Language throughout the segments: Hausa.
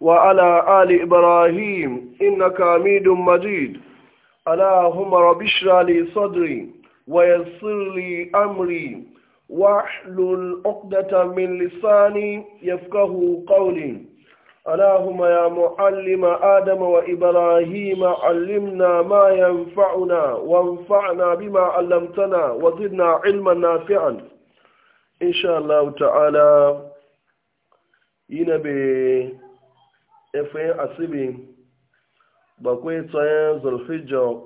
وعلى آل إبراهيم إنك عميد مجيد اللهم رب اشرح لي صدري ويسر لي أمري واحلل عقدة من لساني يفقه قولي اللهم يا معلم آدم وإبراهيم علمنا ما ينفعنا وانفعنا بما علمتنا وزدنا علما نافعا إن شاء الله تعالى ينبي efe asibi bakwai tsayen zulhijja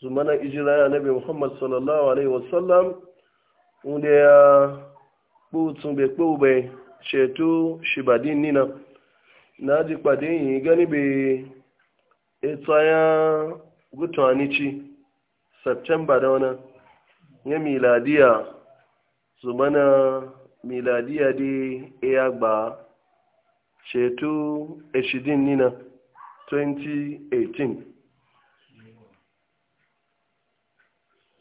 zumana ijira ya nabi muhammad sallallahu alaihi wasallam wanda ya kpọtun bai kube ceto shibadin nina na ji kpade yi gani bai e tsayen gutanici september da wana ya miladiya zumana miladiya dai ya e gbaa shetu eshidin nina 2018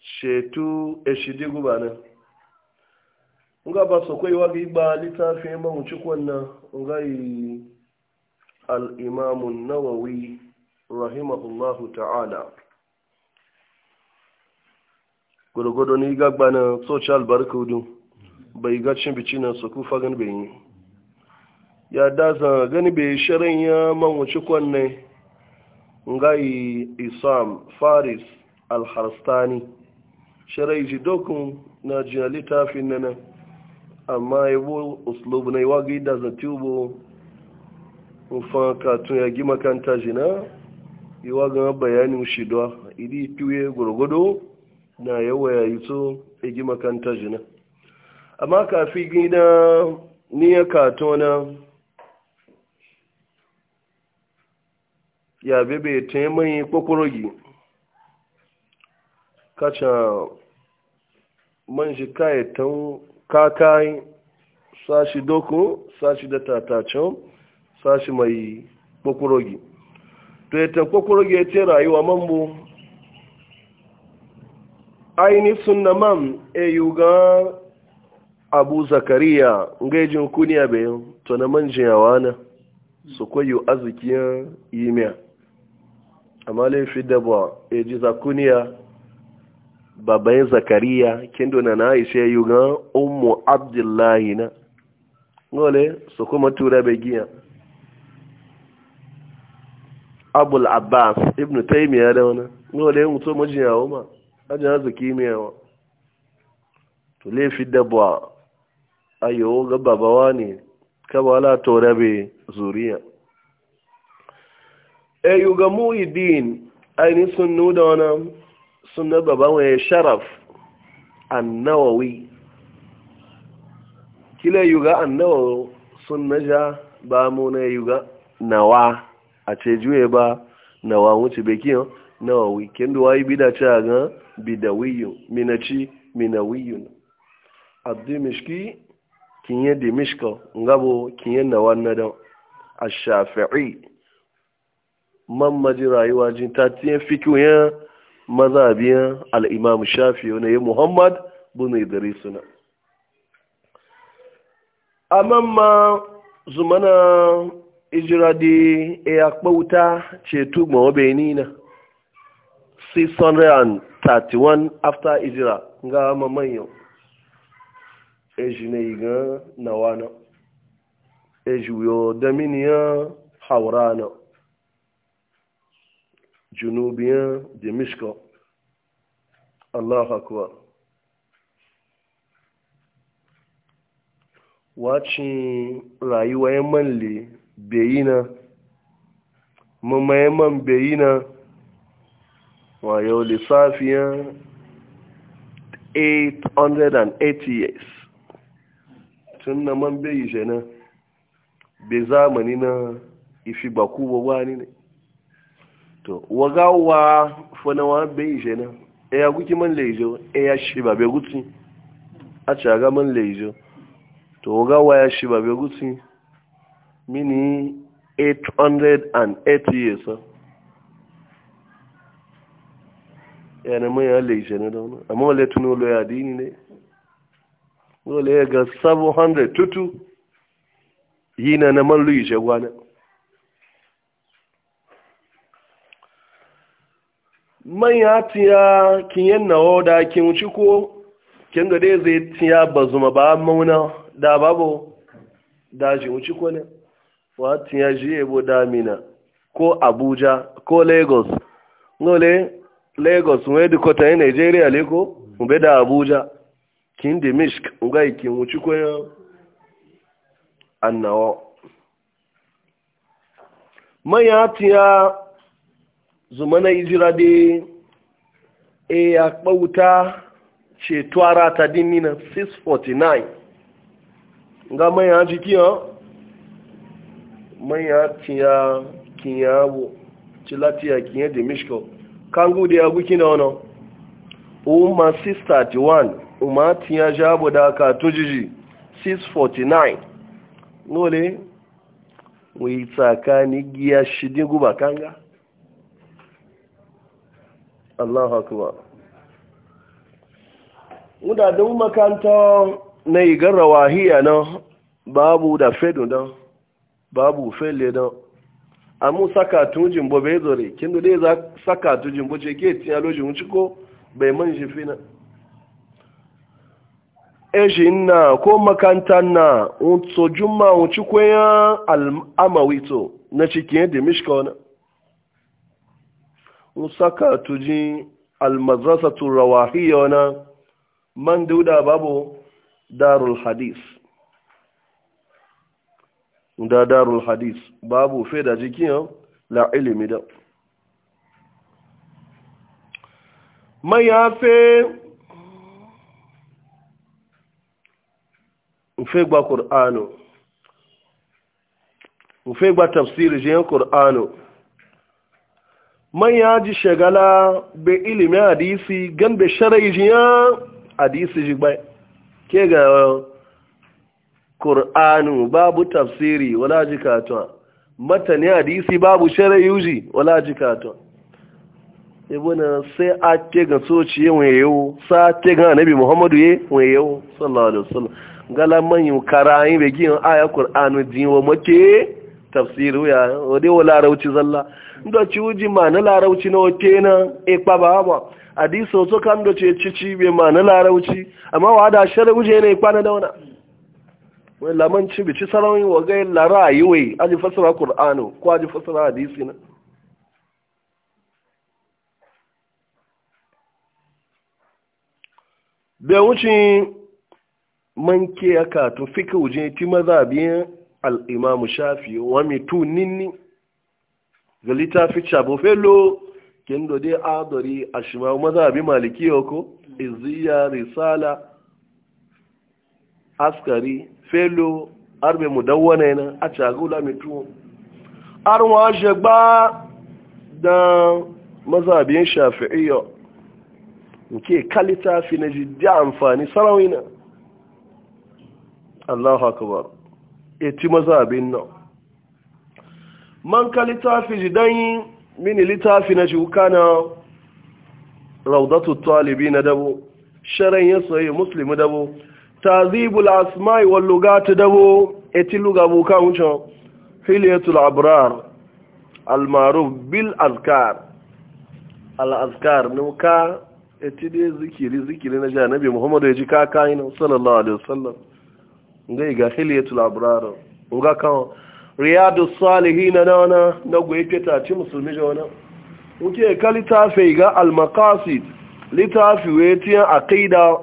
shetu eshidi gubana nga ba so kwai wa ba littafin man cikon nan ngai al-imam an-nawawi rahimahullahu ta'ala gurgudu ni gagbana social barkudu bai ga cin bici na su gan ya da gani bai shirin ya manwaci kwanne ngayi isam faris alharstani shirai ji dokun na jiya littafin nana amma ya bu uslubu na iwa gida za tubo ka katun ya gima kanta jina iwa gama bayanin shidwa idi piwe gurgudu na yawa ya yi so ya gima kanta jina amma kafi gina ni ya katona ya bebe ta yi mai ka kacha man shi kayetan kakai sashi doko sashi da tatacen sashi mai kwakwurogi to ya tan kwakwurogi ya ce rayuwa mambo aini sunna man eyuga abu zakariya ngejin kuniya bayan to na man yawana na su kwayo azikiyar yi amma laifi da ba e ji zakuniya baban zakariya kendo na na ishe yi ga ummu abdullahi na ngole su kuma tura begiya abul abbas ibnu taymiya da wani ngole yin mutum majiya wa ma ajin hazu kimiyya to laifi da ba ayo ga babawa ne kaba wala tora be zuriya eyu mu idin ainihin sun nuna wani sunna baban waye sharaf annawawi kila yuga annawa sunna ja ba mu na yuga nawa a ce juye ba nawa wuce bekiyan nawawi kendo wayi bida ce ga bidawiyu minaci minawiyun abdimishki kinye dimishka ngabo kinye nawa na da ash-shafi'i ji rayuwa jin tatiyan fikiyoyin mazabiyan al'imam shafi wani ya muhammad bin idris na a ma zumana ijiradi ya kpauta ceto gbawa benin na 631 after ijira ga mamayin eji na iga na wana eji wuyo dominiyan haura na junubiyan dimishko allah akbar wacin rayuwayen manle bayina mamayen man bayina wayo lissafiyan 880 years tun na man bayi jana bai zamani na ifi baku wani ne to wagawa fanawa bai ishe na e ya guki man laijo e ya shi ba bai gutsi a ci aga man laijo to wagawa ya shi ba bai gutsi mini 808 years e ya na mai ya laijo na dauna amma wale tuno lo ya dini ne wale ya ga 700 tutu yi na na man lu ishe gwanan Manya ya tiya kin yanna wa da kin wuci ko kin ga dai zai tiya zuma ba mauna da babu da shi wuci ko ne wa tiya ji ebo damina ko abuja ko lagos ngole lagos mu yadda kota yi nigeria le ko mu da abuja kin da mishk nga kin ko ya annawa man tiya zuma na ijira dai e ya kpauta ara ta ta dinina 649 ga manya jikiya manya kiya kiyawo ci latiya kiya da mishko kan gudu ya guki na wani umar 631 umar tiya jabo da aka tujiji 649 nole wai tsakani giya shidin guba kanga Allah akbar muda makanta na igarra rawahiya na babu da fedu na babu fele na amu saka tujin bo bai zore kindu dai za saka tujin bo ce ke tiya lojin mu ciko bai man shi fina ejin na e ko makanta na un juma ciko ya al amawito na cikin da mishka saka tuji almadrasatu rawahiyya na man duda babu darul hadis da darul hadis babu fe da jikin la ilimi da mai ya fe fe gba Kur'anu? fe gba tafsir jiyan Kur'anu? manya ji shagala be ilimin hadisi gan be sharai jiya hadisi ji bai ke ga Kur'anu babu tafsiri wala ji katon matani hadisi babu sharai yuji wala ji katon ibuna sai a ke ga soci wayewo sa ke ga nabi muhammadu ye wayewo sallallahu alaihi wasallam gala manyan karayin be gin aya Kur'anu dinwa make Tafsiru ya wade wa larauci zalla ndo ci uji ma na larauci na wake na ikpa e ba ba hadiso so kan do ce cici be ma na larauci amma wa da shar uje ne ikpa na dauna e wai laman ci bici sarawi wa ga la rayuwai aji fasara qur'ano ko aji fasara hadisi na be wuci manke aka to fika uje ti maza biyan al'imamu shafi wa mitu ninni ga littafi cabofelo kendo dai adori a shima mazhabi maliki ko iziya risala askari felo arbe mudawwana yana a cagula mitu arwa gba da mazhabin shafi'iyya nke kalita fi na jiddi amfani sarawina Allahu akbar eti mazabin nan man ka littafi jidanyi mini littafi na shuka na raudatu talibi na dabo sharan ya soye muslimu dabo tazibul asma'i wal lugati dabo eti luga buka wucin filiyatul abrar almaruf bil azkar al azkar nuka eti dai zikiri zikiri na janabi muhammadu ya ji kakayin sallallahu alaihi wasallam ngai ga khiliyatul abrar nga kan riyadu salihin na wana na gwaye ta ci musulmi jona kali ta fai ga al maqasid litafi weti aqida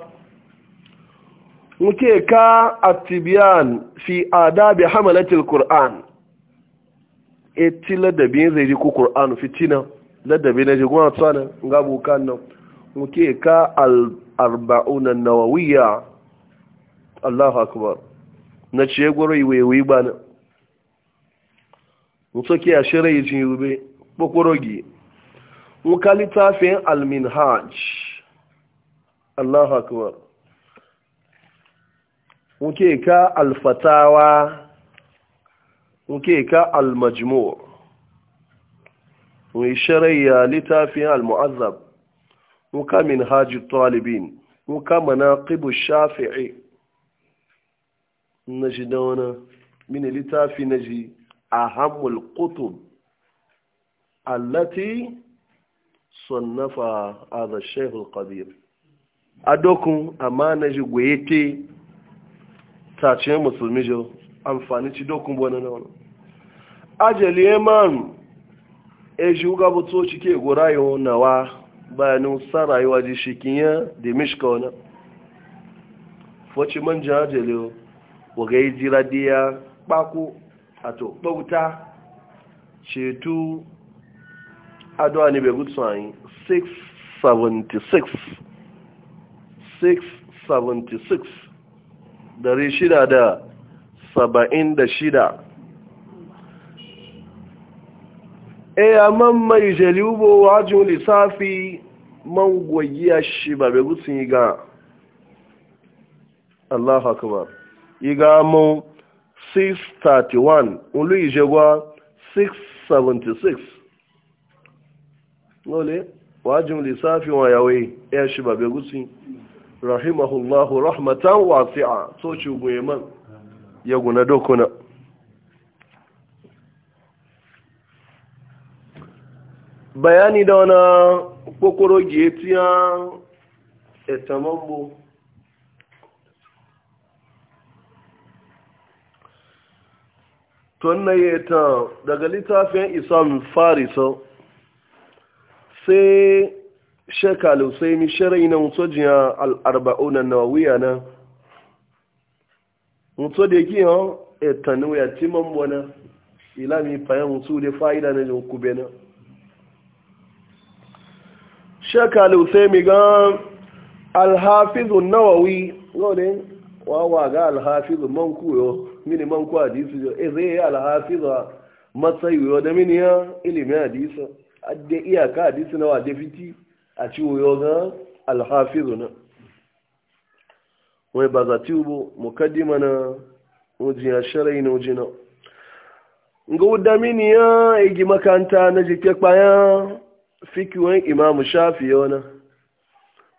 muke ka atibyan fi adab hamalati al-qur'an e da bin zai ji ku qur'an fitina ladabi na jigwa tsana nga bukan nan muke ka al-arba'una nawawiyya Allahu akbar na ce gwaro iwe wi ba na mutu ke a shirai yi jin rube kpokorogi nka littafin hajj. allahu akbar nke ka alfatawa nke ka almajmur mai shirayya littafin almu'azzab nka minhaj talibin nka manaqibu shafi'i na shi da wani mini littafi na ji a hamul kutub allati sannafa a da shehul kabir a dokun amma na ji goye ke tace musulmi jo amfani ci dokun bane na wani ajali eman e shi ga buto cike gora nawa bayanin sa ji shi kinya da mishka wani foci manja ajali waga yi jiradiya ɓako a to ɓauta ceto adowa ni bai gudu sanayi 676 676 dari shida da saba'in da shida e a man mai jeliubo lissafi man a shi ba bai gutsun yi ga allahu akbar igamu 631 ulu ijegwa 676 nole wajin lissafi wa yawe ya e shi babe gusi rahimahullahu rahmatan wasi'a so ci guyeman ya guna dokuna bayani da wani kokoro getiya etamambo tunna ya ta daga littafin isam farisa sai shekalu sai mi shirai na mutujiya al'arba'una na wuya na mutu da yake yan etanu ya ci mambo na ilami fayan mutu da fa'ida na jin kube na shekalu sai mi ga alhafizun nawawi gaunin wawa ga alhafizun man kuyo mini man ku hadisi jo e zai ya alhafiza matsayi yo da mini ya ilimin hadisi adde iyaka hadisi na wa da fiti a ciwo yo ga alhafizu na wai ba za ti ubo mukaddima na ujiya sharai na na. ga wadda mini ya igi makanta na jike kpaya fikiwan imamu shafi na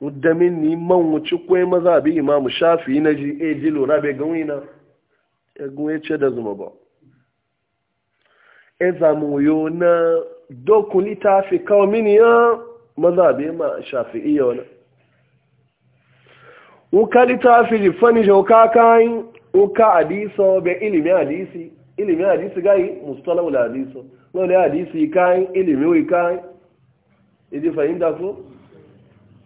wadda mini man wuce kwai maza bi imamu shafi na ji e ji lura bai gawina egun ece da zuma ba e zamuyo na dokun littafi kawo miniya maza bai ma shafi iya wani uka littafi jifani shauka kayan wuka adiso bai ilimi adisi ilimi hadisi gai mustalawul adiso wani adisi kayan ilimi wai kayan idi fahimta ko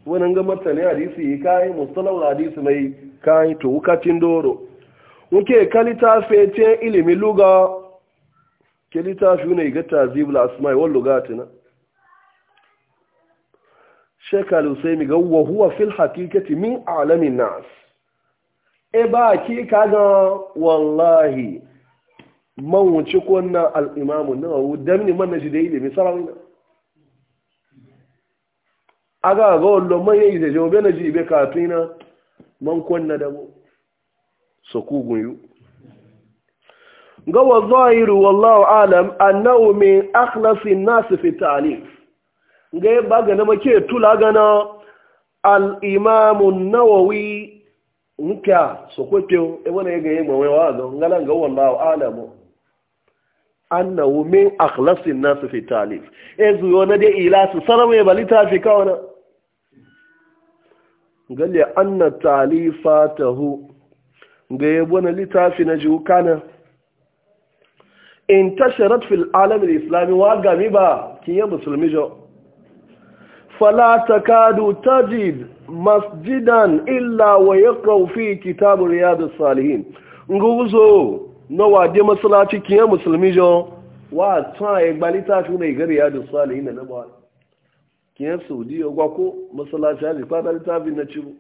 wani ga martani hadisi kayan mustalawul hadisi mai kayan to uka doro muke kalita fete ilimi luga kalita fi ne ga tazibul asma'i wal lugatina sheka al ga wa huwa fil haqiqati min a'lamin nas e ba ki ga wallahi man wuce kunna al-imamu damni man na shi da ilimi sarawina aga ga wallo manyan yayi da na ji be katina man kunna da mu so yu gawa zahiru wallahu alam annahu min akhlasi nasi fi ta'lim ga ya baga na make tula gana al imamu nawawi nka so kwekyo e wani ga yi mawe wa ga ngala ga wallahu alamu annahu min akhlasi nasi fi ta'lim e zuwa na dai ilasu ya balita fi kawana galle anna talifatahu ga yabo na littafi na jihukana in tasharat fil alamin islami wa gami ba kiye musulmi jo fala takadu tajid masjidan illa wa ya fi kitab yadda salihin nguzo na wa de masallaci kiye musulmi jo wa ta e gbalita tu ne gari riyadus salihin na ba kiye saudi ya gwako masalaci ali fa da littafi na cibo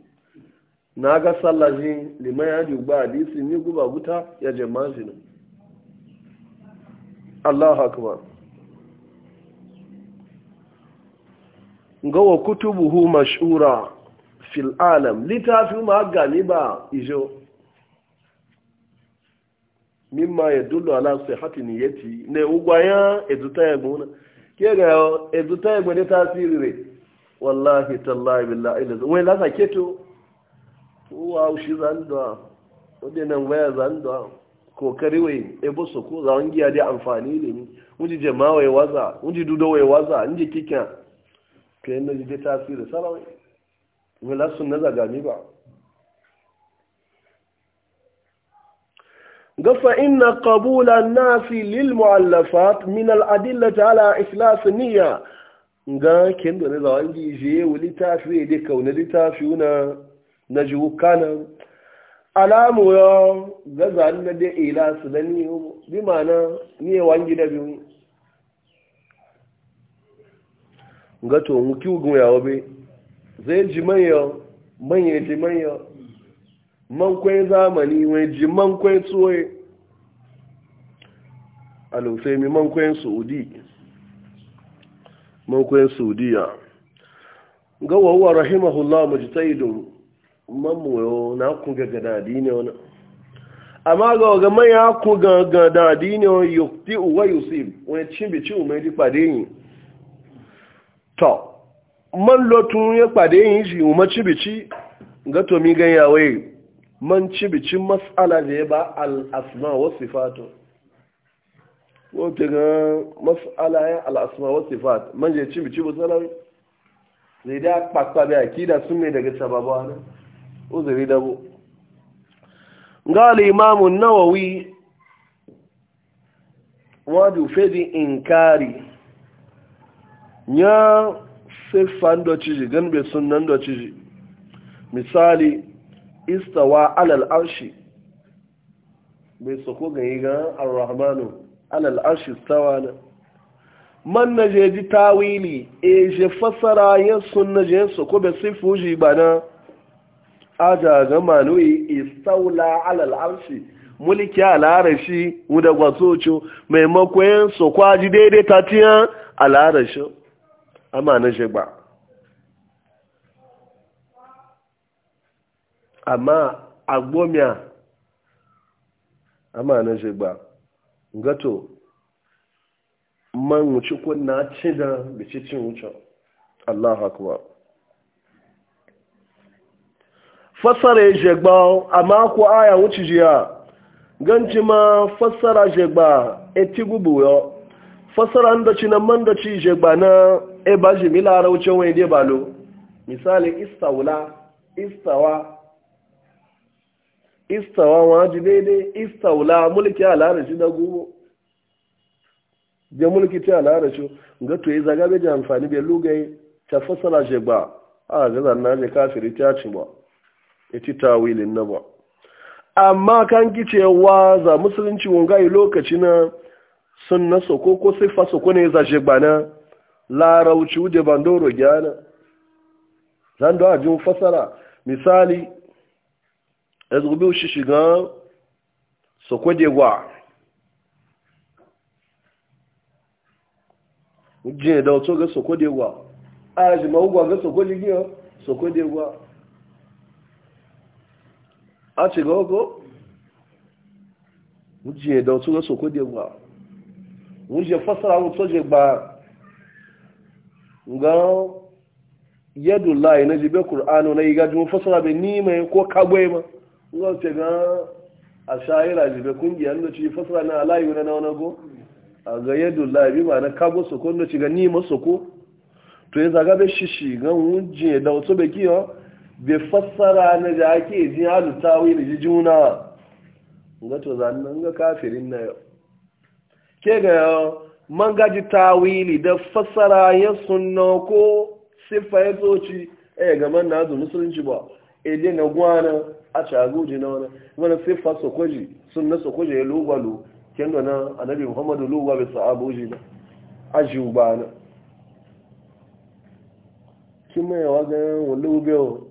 na ga sallaji liman ya jugba hadisi ni guba guta ya jama'a zina Allahu akbar ga wa kutubuhu mashura fil alam litafi ma galiba ijo mimma yadullu ala sihhati niyyati ne ugwaya eduta egbuna ke ga eduta egbune tasiri re wallahi tallahi billahi la ilaha illa huwa la saketo wa shi zanduwa wadannan waya zandwa kokari wai e busu ko za wangi ya dai amfani da ni wuji jama'a wai waza wuji dudo wai waza inji kikin ka yi naji dai tasiri sarawai wala sun na zagami ba gafa inna qabula nasi lil mu'allafat min al adillati ala ikhlas niyya ga kendo ne za wangi je wuli tafi dai kauna dai tasiri na na jiwu kanan alamu ya gaza na da ila su da ni bi mana ni wangi da biyu ga to mu ki gun yawo be zai ji manya manya ji manya man kwai zamani wai ji man kwai tsoye mi man kwai saudi man kwai saudiya ga wawa rahimahullah mujtahidun mamoyo na ku gaga da dine wani amma ga ga man ya ku gaga da dine wani yukti uwa yusuf wani cimbi ci umar di pade yi to man lotun ya pade yi shi umar cimbi ci ga to mi gan yawe man cimbi ci mas'ala da ya ba al-asma wa sifatu ko ga mas'ala ya al'asma asma wa sifat man je cimbi ci ba salawi zai da kpakpa akida sun ne daga sababu ne uzuri dabo ga al-imam an-nawawi wadu fedi inkari nya sifan ndo ciji ganbe sunnan ndo ciji misali istawa alal arshi bai sako gani ga ar alal arshi istawa na man na je ji tawili e je fasara yin sunna je sako be sifuji bana aja ga manuyi istaula alal arshi mulki alarashi wuda gwatocho maimakon su kwaji daidai tatiya alarashi amma na shi ba amma agbomiya amma na shi ba gato man wuce kunna cidan bici cin wucin allah akwai fassara jegba amma ku aya wuce jiya ganci ma fassara jegba eti gubu yo fassara da ci nan man da ci na e ba ji mila rauce wani dai balo misali istawla istawa istawa waji daidai istawla mulki alarashi na gubo da mulki ta alarashi ga to yi e zagabe da amfani bai lugai ta fassara jegba a ga zanna je kafiri ta ci ba iti tawilin na ba amma kan ki cewa za musulunci wangayi lokaci na sun na soko ko sifa soko ne za shi gbana larauci wuce bandoro gyana zan da ajin fasara misali ya zubi shi shiga soko wa jiya da wato ga soko degwa a yaji mawugwa ga soko jigiyar soko a shiga ogo wuje da wasu gaso kudi ba wuje fasara wato je ba ga yadu lai na jibe kur'anu na iga jimo fasara bai ni mai ko kagwai ma ga ce ga a shayira jibe kungiya da ci fasara na alayu na wani go a ga yadu lai bi ma na kago soko da ci ga ni ma soko to ya zaga bai shishi ga wuje da wasu bai kiyo bai fassara na da ake jin halittawi da jijuna ga to zannan ga kafirin na yau ke ga man gaji tawili da fassara ya suna ko siffa ya zoci eh ga man na musulunci ba ede na gwana a caguji na wani wani siffa sokwaji sunna sokwaji ya lugwalu ken na annabi muhammadu lugwa bai sa'abuji na ajiyu ba na kin mai wa ga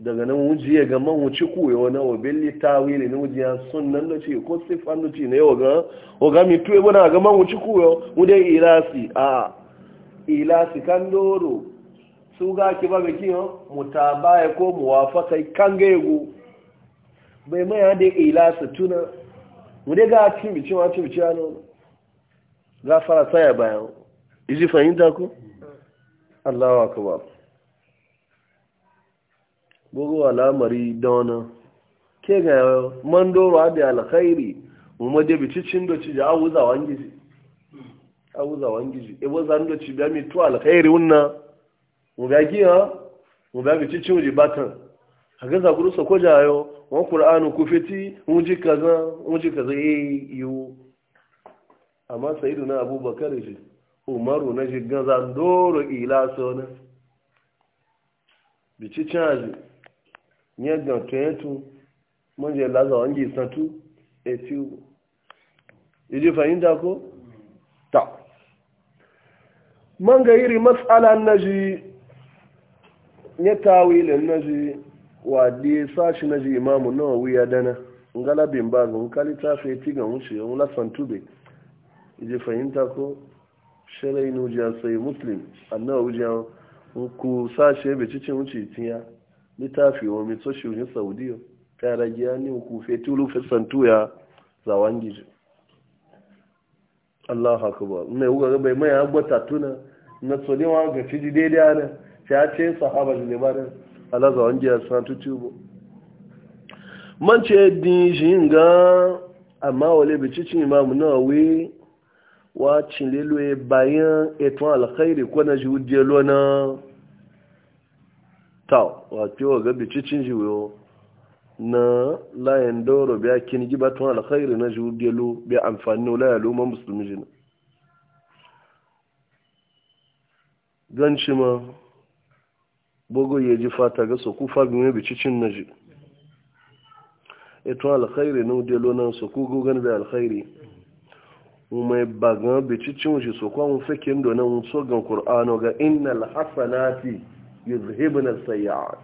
daga nan wuji ya ga man wuci koyo na obin litawi ne na wujiya sun nan da ce ko sifan da ce na yau ga oga mi tuwe bana ga man wuci wudai ilasi a ilasi kan doro su ga ki ba ga kiyo mutabaya ko muwafaka kan ga yego bai maya da ilasi tuna wudai ga cin bici ma cin bici ano ga fara saya bayan iji fahimta ko mm. Allahu akbar gogo lamari dauna ke ga mandoro abi alkhairi mu maje bi cicin do ci ja awuza wangiji awuza wangiji e bo zan do ci bi mi to alkhairi unna mu ga giya mu ga bi cicin ji batan haga za guru ko jayo wa qur'anu ku fiti mu ji kaza mu ji kaza e eh, yu amma sayyiduna abubakar ji umaru na ji ndoro doro ila sona bi cicin nye gan to mun je laza wangi santu etiu yaje fahimta ko ta man ga iri mas'ala naji nye tawilin naji wa di sashi naji imamu nawawi ya dana ngala ba ga nkali ta fe ti wuce yau santu be e fahimta ko ku sashe be wuce littafi wa mai soshin saudiya ta ragiya ne kufe tulu fesantu ya zawon gizo Allah haka ba ina yi ga bai mai agbata tuna na tsonewa ga fiji daidai ana ta ce sahaba da labarin ala zawon gizo san tutu ba man ce din shi ga amma wale bi cikin imamu na we wa cin lelo bayan eton alkhairi ko na jihudiyar lona ta wato ga bicicin cicin jiwo na layan doro biya kin giba tun alkhairi na jiwo gelo biya amfani la ya luma musulmi jina ganci ma bogo ya ji fata ga so kufa bi mai bicicin na ji eto alkhairi na gelo na so ku gogan da alkhairi mai bagan bicicin shi so kwa mun fake ndo na mun so gan qur'ano ga innal hasanati yuzhibna sayyi'at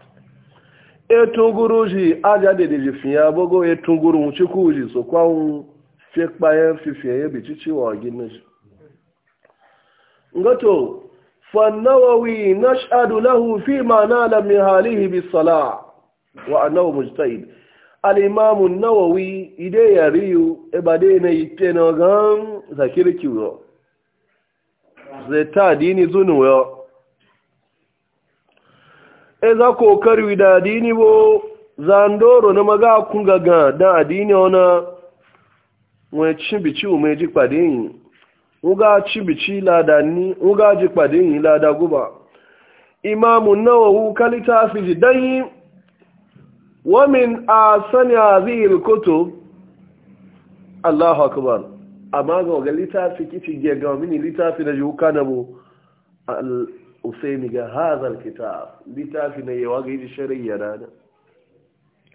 e tunguru aja de de fiya bogo e tunguru mu so kwa un fe pa e fi fi e bi chichi wa gina ngato fa nawawi nash'adu lahu fi ma nala min halihi bis salah wa annahu mujtahid an nawawi ide ya riyu ebade na na zeta dini zunu e za karwi da adini bo zandoro na maga kun gaga da adini ona wọn cibici umeji pàdé yìí wọ́n cibici lada ní uga ji pàdé la da guba imamu nawawu kalita fi jidayi wa min sani a zihir koto allahu akbar amma ga litafi littafi kici gega mini litafi na jihuka na bu usaini ga hazar kitab littafi na yawa ga yi shari'a rana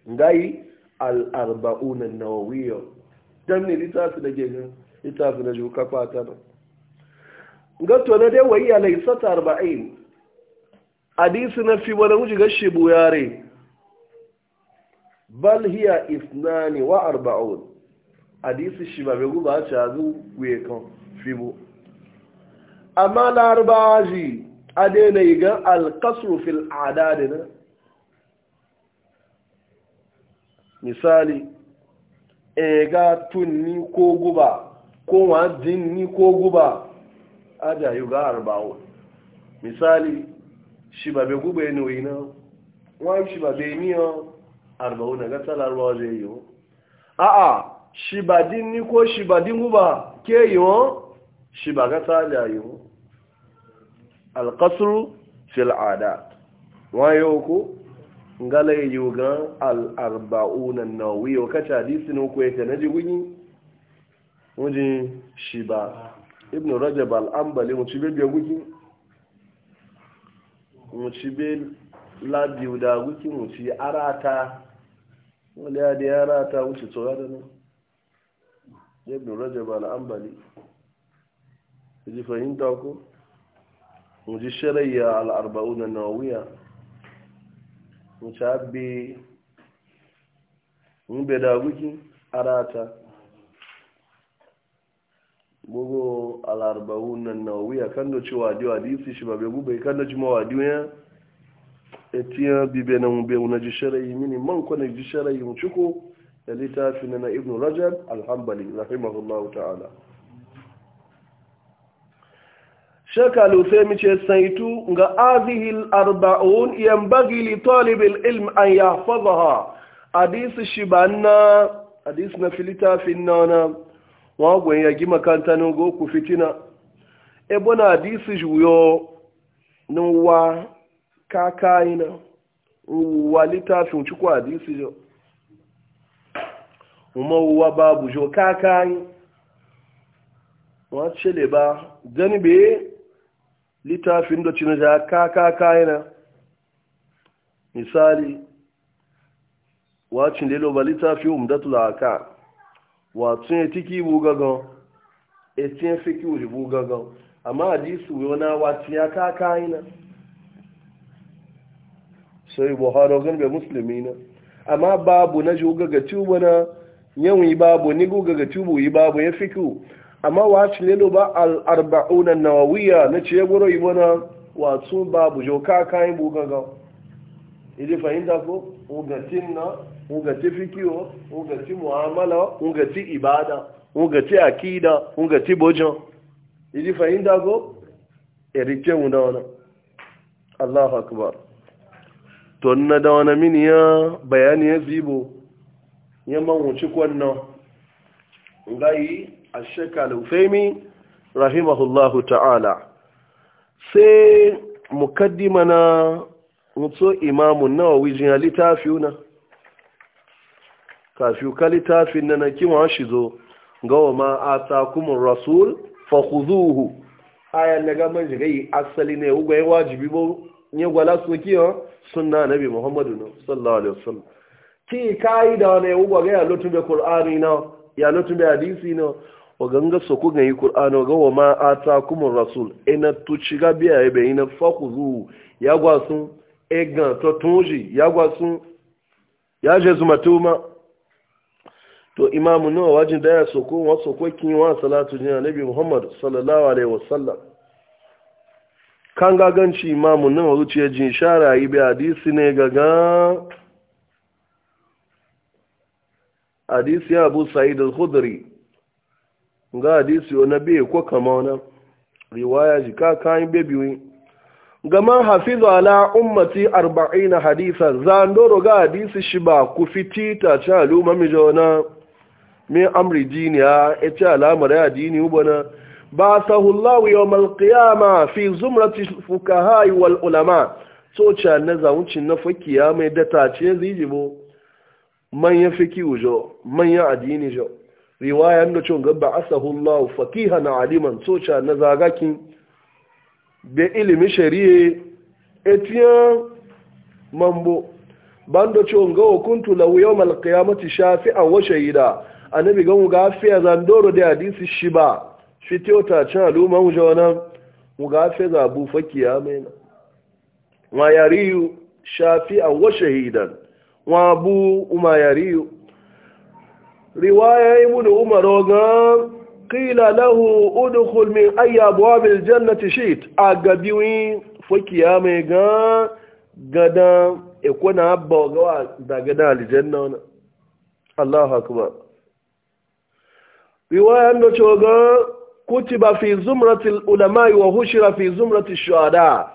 gai al'arba'unan nawawiyar don ne littafi na gina littafi na juka fata na gato na dai wayi a laisata arba'in hadisi na fi wani wuji ga shi buyare bal hiya isnani wa arba'un hadisi shi ba bai guba a cazu kan fibo amma larabawa ji adena yiga yi fil adadi na misali ega tunni ko guba ko wajin ni ko guba aja ga arba'u, misali shi ba be gube ni wina wani shi ba be ni o arba'un ga tsala zai yi a a shi ba din ni ko shi ba din guba ke yi o shi ba ga da yi o alƙasuru fil'ada wọ́n yóò kó ngala yóò gan al'arba'una nawi yóò kacha disi ní okwu ẹ̀kẹ́ na jigunyi wọ́n jí ibn rajab al'ambali wọ́n ci bebe gugi wọ́n ci be labi da gugi wọ́n ci arata wọ́n lè adé arata wọ́n ci da nan ibn rajab al'ambali ji fahimta ko muji sharayya al'arba'u da nawiya muci abbe mube da guki arata bugu al'arba'u na nawiya kan da ci wadi wadi su shi babe gube kan da ci mawadi ya etiyan bibe na mube na ji sharayi mini man kwanar ji sharayi mu ciko da littafi na ibn rajab alhambali rahimahullahu ta'ala shekalu sai mu ce saitu ga azihil arba'un yanbaghi li talibil ilm an yahfazaha hadisi shibanna hadisi na filita finnana wa gwen gima kanta no go e bona hadisi juyo nuwa kakaina wa litafin chukwa hadisi jo babu littafin da cinu ja kaka kaina misali wacin lelo ba littafin umdatul aka watun ya tiki bugagan etin fiki wuri bugagan amma hadisu yana wacin ya kaka yana sai buhari gan bai musulmi na amma babu na ji gaga tubu na yawon yi babu ni ga tubu yi babu ya fikiu amma wa cilelo ba al'arba'una nawawiya na ce goro yi wana wasu babu joka kayan bugaga ili fahimta ko ugatin na ugati fikiyo ugati mu'amala ugati ibada ugati akida ugati bojan ili fahimta ko erike mu da wani allahu akbar to na da wani mini ya bayani ya zibo yamman wuce kwanan ngayi Ashek Al-Ufemi, rahimahullahu ta'ala. Sai mukaddima na mutso imamun nawa wijin ya litafi una. Kafi ka litafi na na kima shi zo, gawa ma a takumin rasul, fahuzuhu, ayan na gama jirai asali ne, ugwai wajibi bo, nye gwala soki yawon suna nabi Muhammadu na, sallallahu Alaihi Wasallam. Ti kayi da wane ugwa ga yalotun da Kur'ani na, yalotun da hadisi na, wa ganga so ku ganyi qur'ano ga wa ma kumur rasul ina chiga biya ebe ina fakuzu ya gwasun e gan to tunji ya gwasun ya je zumatuma to imamu nawa wajin da so ku wa ku kin wa salatu jin annabi muhammad sallallahu alaihi wasallam kan ganci imamu no zuciya jin shara yi bi hadisi ne gaga hadisi abu sa'id al-khudri ga hadisi na biyu ko kama wani riwaya ji ka kayan bebiwi gama hafizu ala ummati arba'in hadisa zandoro ga hadisi shi ba ku fiti ta ci aluma mi jona mi amri dini ya e ci alamar ya dini ubana ba sahullahu yawm alqiyama fi zumrati fuqaha wal ulama so ci na zawuncin na fakiya mai data ce zijibo manyan fiki ujo manyan addini jo riwayan da cewa gaba Allah fakiha na aliman socha na zagakin da ilimin shari'a etiya mambo bando cewa ga hukuntu lahu yawmal qiyamati shafi'a wa shahida annabi ga mu gafiya zandoro da hadisi shiba fitota cin aluma mu jawana mu gafiya za bu fakiya na wa yariyu shafi'a wa shahidan wa bu umayariyu riwaya ibn umar ga qila lahu udkhul min ayyi abwabil jannati shit agabiwi fukiya mai ga gada ikuna e abba ga daga da aljanna wannan Allahu akbar riwaya ndo choga kutiba fi zumratil ulama wa hushira fi zumratil shuhada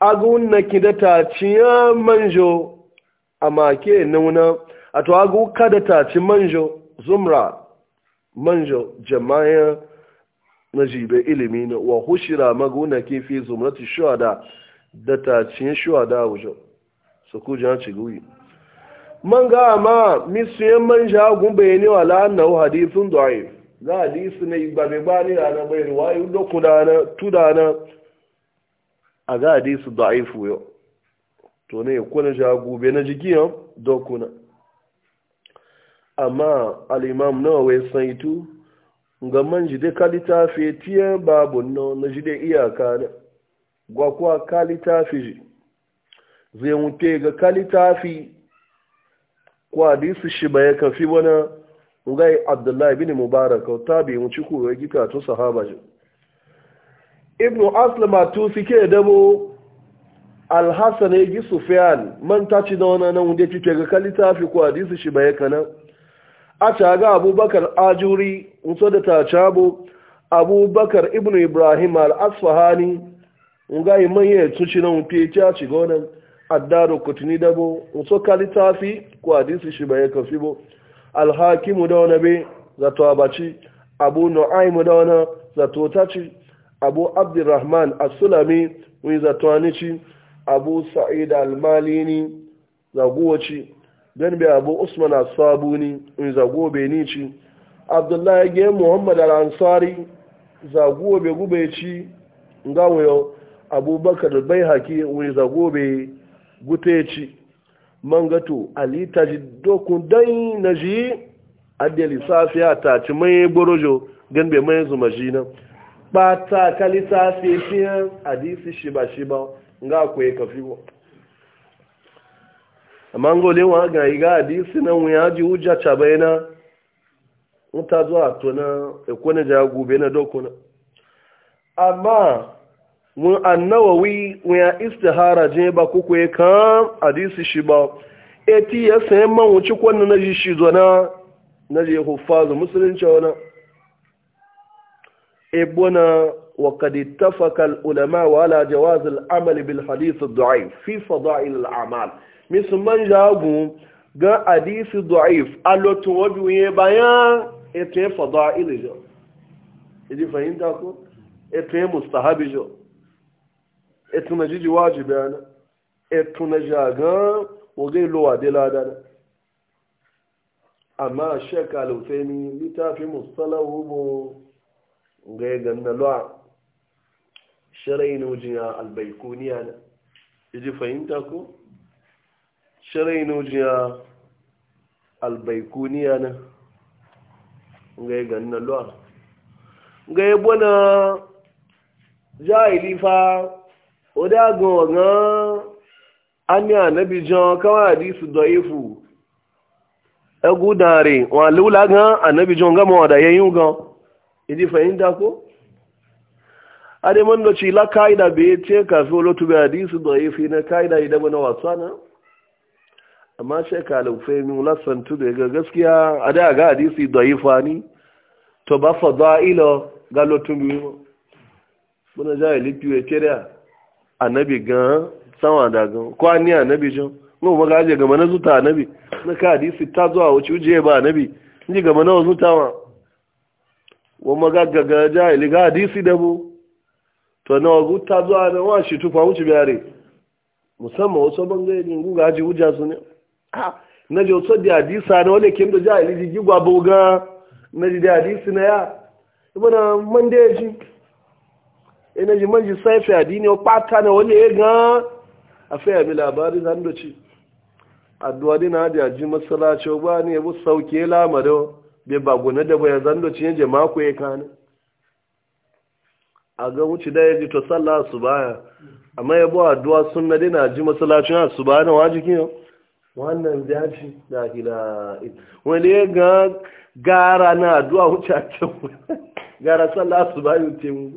agun na kidata ciya manjo amake nuna ato agu kadata ci manjo zumra manjo jama'a na jibe ilimi ne wa hushira maguna ke fi zumrati shuhada da ta tacin shuhada wajen su ku jan ci guyi man ga ma misiyan man shagun bayani wa la'annahu hadithun da'if ga hadisi ne ba bai bani da na bai riwayi da kudana tudana a ga hadisi da'if yau to ne kuna shagu na jigiyan dokuna amma al'imam nawa wai san itu ga man jide kalita fi tiye babu no na jide iyaka ne gwa kuwa kalita fi zai wuce ga kalita fi kwa disu shi ba ya kafi wani ngai abdullahi bin mubarak ta bi mu ci kuwa gika to sahaba ji ibnu aslama tu sike dabo alhasan ya e gi sufiyan man ta ci da wani nan wunde ci ga kalita fi kwa hadisi shi ba ya a ga abubakar ajuri nso da ta cabo abubakar ibn ibrahim al-asfahani nga yi manye tuci na mfe ta ci gonan addaro kutuni dabo nso ka littafi ko hadisi shi bai kafi bo alhakimu da wani be zato abaci abu nu'aimu da wani zato taci, ci abu abdurrahman as wani zato ci abu sa'id al-malini ci gan bi abu usman asabuni in zago ni ci abdullahi ge muhammad al-ansari zago bai gube ci nga abubakar bai haki in zago gute ci mangato ali dokun dai na ji adeli safiya ta ci mai borojo gan mai zuma ji na ba ta fi fiye hadisi shiba shiba nga kwaye kafi amma ngole wa ga iga hadisi nan wuya ji hujja ta bayana in ta zuwa to na e ko na ja gobe na doko na amma mun annawawi wuya istihara je ba ku ko kan hadisi shi ba eti ya sai man wuci kwanna na ji shi zona na je hufazu musulunci wana ebona وقد اتفق العلماء على جواز العمل بالحديث الضعيف في فضائل الأعمال musamman jagun ga hadisi da'if a lotun wadu ya bayan eto ya fada ilijo idi fahimta ko eto ya mustahabi jo eto na jiji wajibi ana eto na jagan oge lowa de ladana amma sheka lautani littafi mustalahu bu ga ganna lo'a shirai na wujin albaikuniya na idi fahimta ko shirai na ujiya albaikuniya na ga yi ganin lua luwa ga yi bona jahili fa oda gan wagan ani anabi jan kawai hadisu da ifu egu dare wa lula gan anabi jan gama wada yayin gan idi e fahimta ko ade man do la kaida be ce ka so lotu be hadisu da ifi na kaida idan na wasana amma shekha alufemi lasantu da ga gaskiya a da ga hadisi da yi to ba fa za ilo ga lotun biyu buna ja yi lipi wa kere annabi gan sawa da gan ko ni annabi jo no ma je ga mana zuta annabi na ka hadisi ta a wuce je ba annabi ni ga mana zuta wa wa ma ga ga ja ga hadisi da bu to na wagu ta a na wa shi tufa wuce biare musamman wasu bangare ne ga ji hujja su ne na je so da hadisa na wale kim da jahili ji gigwa boga na ji da hadisi na ya ibana man da ya ji ina ji man ji saifi adini pata na wale ya ga a faya mi labari zan da ci addu'a ne na da ji masalaci ba ne ya bu sauke lamado bai ba gona da bai zan da ci ya jama'a ko ya kana a ga wuce da ya ji to sallah su baya amma ya bu addu'a sunna dai na ji masalacin su baya na wajikin yau wannan zafi na ila wani ga gara na addu'a wuce a can gara sallah su ba yi ce mu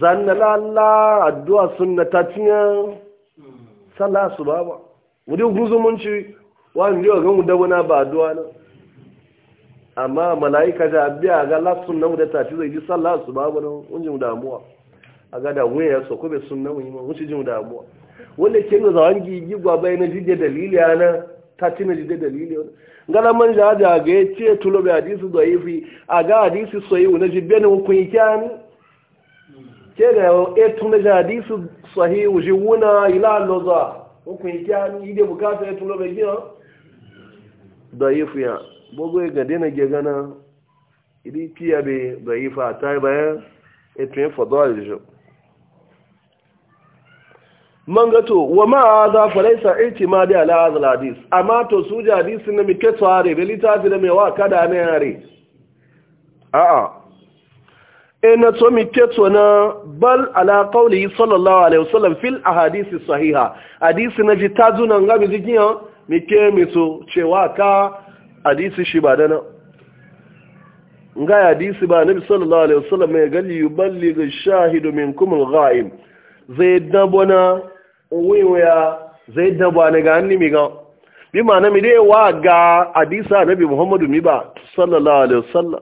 zanna lalla addu'a sunna ta cinye sallah su ba ba wani ci wani jiwa gan wuna ba addu'a na amma mala'ika da biya ga lasun na da ci zai ji sallah su ba ba na wunjin damuwa a ga da wuya ya soko bai sunna wuyi ma wuce jin damuwa wanda ke nuna zawon gigi bai na jide dalili nan ta ci na jide dalili wani ngala man ja ga ya ce tulo bai hadisi da yifi a ga hadisi soyi wani jibbe ne kun yi kyani ke ga ya e tuna ja hadisi wuji wuna ila loza kun yi kyani ide bukata ya tulo bai gina da yifi ya bogo ya gade na gegana idi kiya bai da yifa bayan etu ya fadawa da shi man gato wa ma za fa laisa itimadi ala hadhal hadis amma to su ji hadisin na mike tsare da littafi da mai wa kada ne yare a a Ina to mike to na bal ala qawli sallallahu alaihi wasallam fil ahadith sahiha hadisi na ji tazunan ga mi jikin mike mi so cewa ka hadisi shi ba dana ga hadisi ba nabi sallallahu alaihi wasallam mai gali yuballighu shahidu minkum al-ghaib zai dabona onwe ya zai daba ne ga hannu mi gan bi ma na mi dai wa ga hadisa nabi muhammadu mi ba sallallahu alaihi wasallam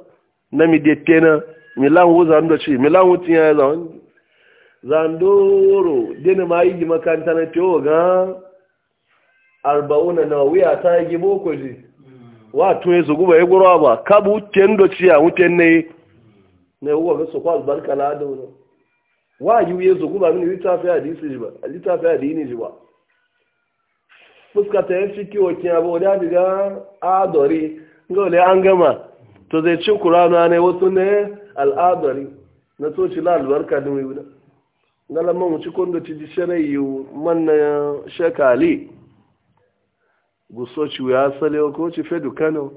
na mi dai tena mi lan wo zan do ci mi lan wo tiya zan zan doro dena ma yi makanta na to ga arba'una na wiya ta yi boko ji wa to ya zugu ba ya gura ba kabu tendo ciya mutenne ne wo ga su kwa albarka la da wayu ya zo guba mini littafi hadisi ji ba littafi hadini ji ba fuska ta yanci kiwo kin abu da diga adori ngole an gama to zai cin qur'ana ne wasu ne al'adari na so shi la albarka din wiwa ngala man mu ci kondo ci ji sharayi man na shakali guso ci ya sale ko ci fedu kano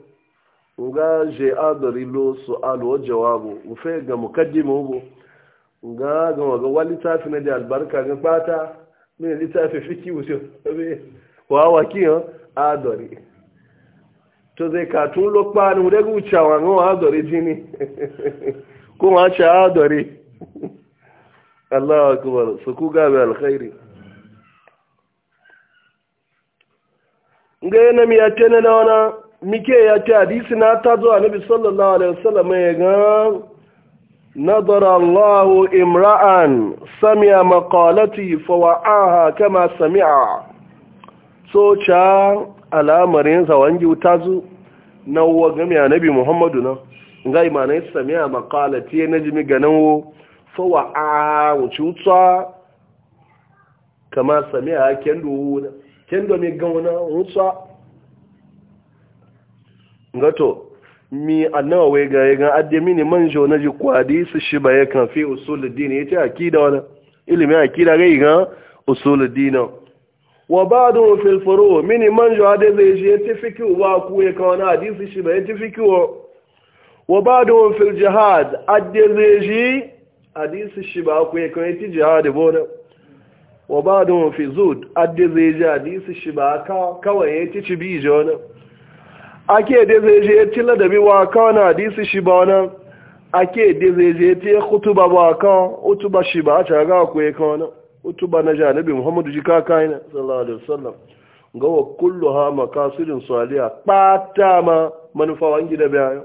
nga je adori lo so wa jawabu mu fe ga mukaddimu bo ga ga waga wani littafi na da albarka ga fata mai littafi fiki wuce wa waki yan adori to zai katun lokpa ni wuri ga wucewa ga wa adori jini ko ma ce adori allawa akbar su ku ga bi alkhairi ga yana mi ya na wana mike ya ta hadisi na ta zo annabi sallallahu alaihi wasallam ya ga نظر الله امرأ سمع مقالتي فوعاها كما سمع soca al'amarin zawon giwuta zu na uwa gami a nabi muhammadu na ga imanai sami a makalati ya na jimi ganin wo fawa a wuce wuta kama sami a kendo wuna kendo mai gauna wuta gato mi annawa wai ga yagan adde mini man jo na ji kwadi su shi ba yakan fi usuluddin yace akida wala ilimi akida ga wa ba'du fil furu man jo zai je wa ku ya kan hadisi shi ba tifiki wa ba'du fil jihad zai je hadisi shi ba ku ya kan jihad bona wa ba'du fi zud zai hadisi shi ba ka kawai ya bi jona ake da zai je tilla da biwa kawai hadisi shi ba wani ake da zai je ta kutuba ba kawai utuba shi ba a caga ku ya kawai utuba na janabi muhammadu jika kayan sallallahu alaihi wasallam ga wa kullu ha makasirin saliya ɓata ma manufawan gida bayan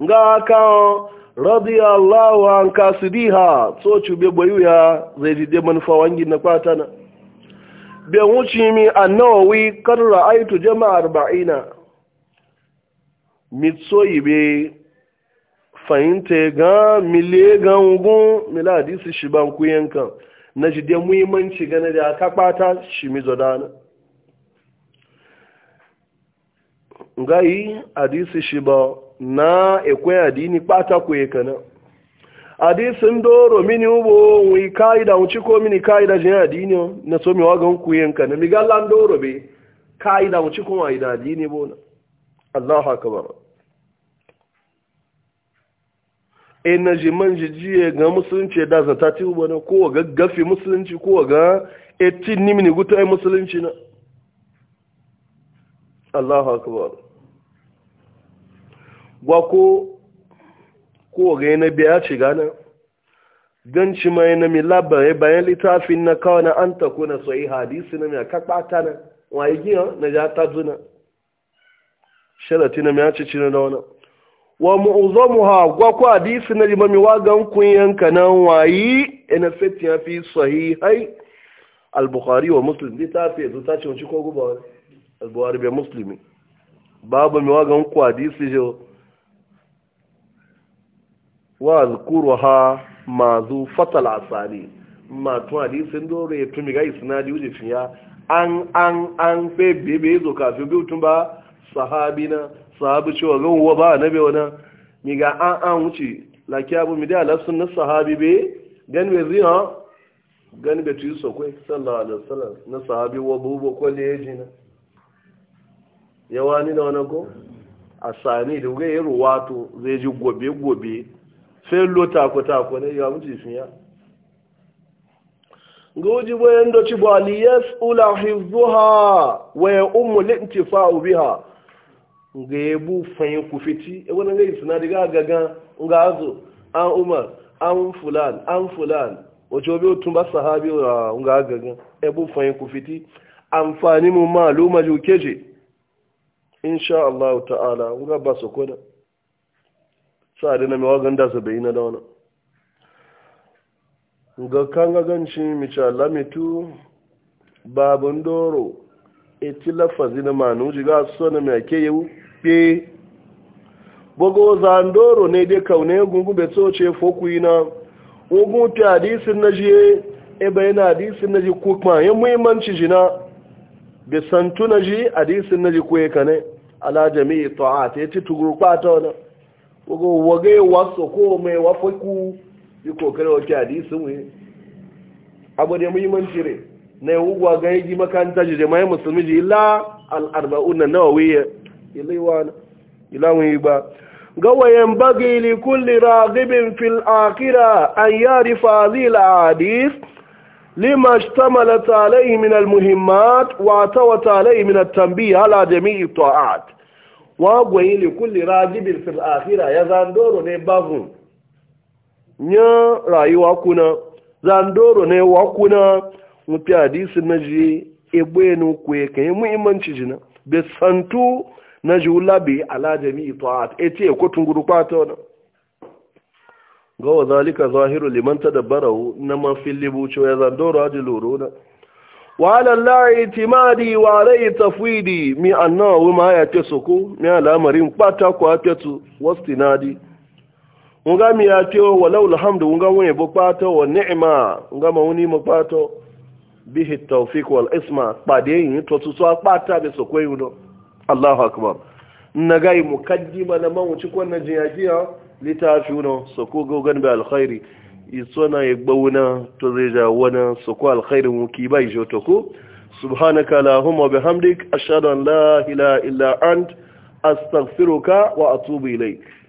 ga kawai radiyallahu an kasidiha so cube bayu ya zai de manufawan gida na kwata na bai wuce mi annawawi kan ra'aitu jama'a arba'ina mitsoyi be fahimta ga mile gangun mila hadisi shi ban yankan na ji dai muhimmanci gane da aka kpata shi mizo dana gayi hadisi shi ba na ekwe adini kpata kuye kanan Adisin doro mini ubo wi kaida unci ko mini kaida jin adini na so mi waga ku yanka na migallan doro be kaida unci ko ai da adini na Allahu akbar in ji man jijiye ga musulunci da zata ti ubo na ko ga gafi musulunci ko ga etin ni mini gutai musulunci na Allahu akbar gwako ko ga yana biya ci gana ganci mai na mi labarai bayan littafin na kawo na an tako na soyi hadisi na mai kakpata na waye giyan na ja ta zuna sharati na mai ci cinu da wani wa mu ha gwakwa hadisi na limami wagan kunyan kanan waye ina fiti ya fi soyi hai albukhari wa muslim littafi yanzu ta ce wani ko guba wani al-bukhari bai muslimi babu mai wagan ku hadisi jo wa zukuruha mazu fatal asali ma tun hadisin dore ya tumi ga isnadi uje fiya an an an be bebe zo kafin bi tun ba sahabi na sahabi cewa ga wa ba na be wana mi ga an an wuce laki abu mi da lasun na sahabi be gan we zi ha gan be tu so ko sallallahu alaihi wasallam na sahabi wa bu ko le jina yawani na wana ko asani da ga yi ruwato zai ji gobe gobe sai lo tako-tako na iya mutu sun ya ga uji bayan da ci ba liyas ula hizuha waya umu lintifa ubiha ga ya bu fanyi ku fiti ya nga gai diga an umar an fulan an fulan wace obi otun ba sahabi ga uh, nga ya bu fanyi amfani mu ma luma juke insha Allah ta'ala nga ba su su a dina mewa da su bai na da wani ga kan gaganci mice lamitu babin doro eti lafazi na manu jiga so na mai ke yi pe bugu zandoro ne dai kaune gungun bai tsoce fokuyi na ogun ta hadisin na je ebe yana hadisin na ji kuma e yin e muhimmanci jina bai santu na ji hadisin na ji kuwa kane ala jami'i ta'ata ya e ci tugurkwa ta wani gbogbo wage wasu ko mai wafaku yi kokarin wake hadisi mu abu da muhimmanci ne na yi ugwa ga yi makaranta ji jama'ai musulmi ji ila al'arba'un na nawawi ila wani ba gawayen bagi li kulli ragibin fil akira an yari fazil hadis لما اشتملت عليه من المهمات واعتوت عليه من التنبيه على جميع الطاعات wagwayi li kulli ragibin fil akhira ya zandoro ne babu nya rayuwa kuna zandoro ne wa kuna mutu hadisi na ji egbe nu kwe kan muhimmanci jina be santu na ji alajami ala jami'i ta'at ete ko tunguru pata wannan ga wa zalika zahiru liman tadabbarahu na mafil libu cewa ya zandoro aji lura. وعلى الله اعتمادي وعليه تفويدي مي أنا وما يتسكو مي على باتاكو أتتو واستنادي nga mi ya ce wa laula hamdu nga wani bukpato wa ni'ima nga ma wani mukpato bihi tawfiq wal isma pade yin to su so pata be so koyi do Allahu akbar nagai mukaddima na mawuci ko na jiyajiya litafuno bi alkhairi isona ya gbauna to zai ja wani su alkhairin wuki bai jo to ku subhanaka lahumma bihamdik ashhadu an la ilaha illa ant wa atubu ilaik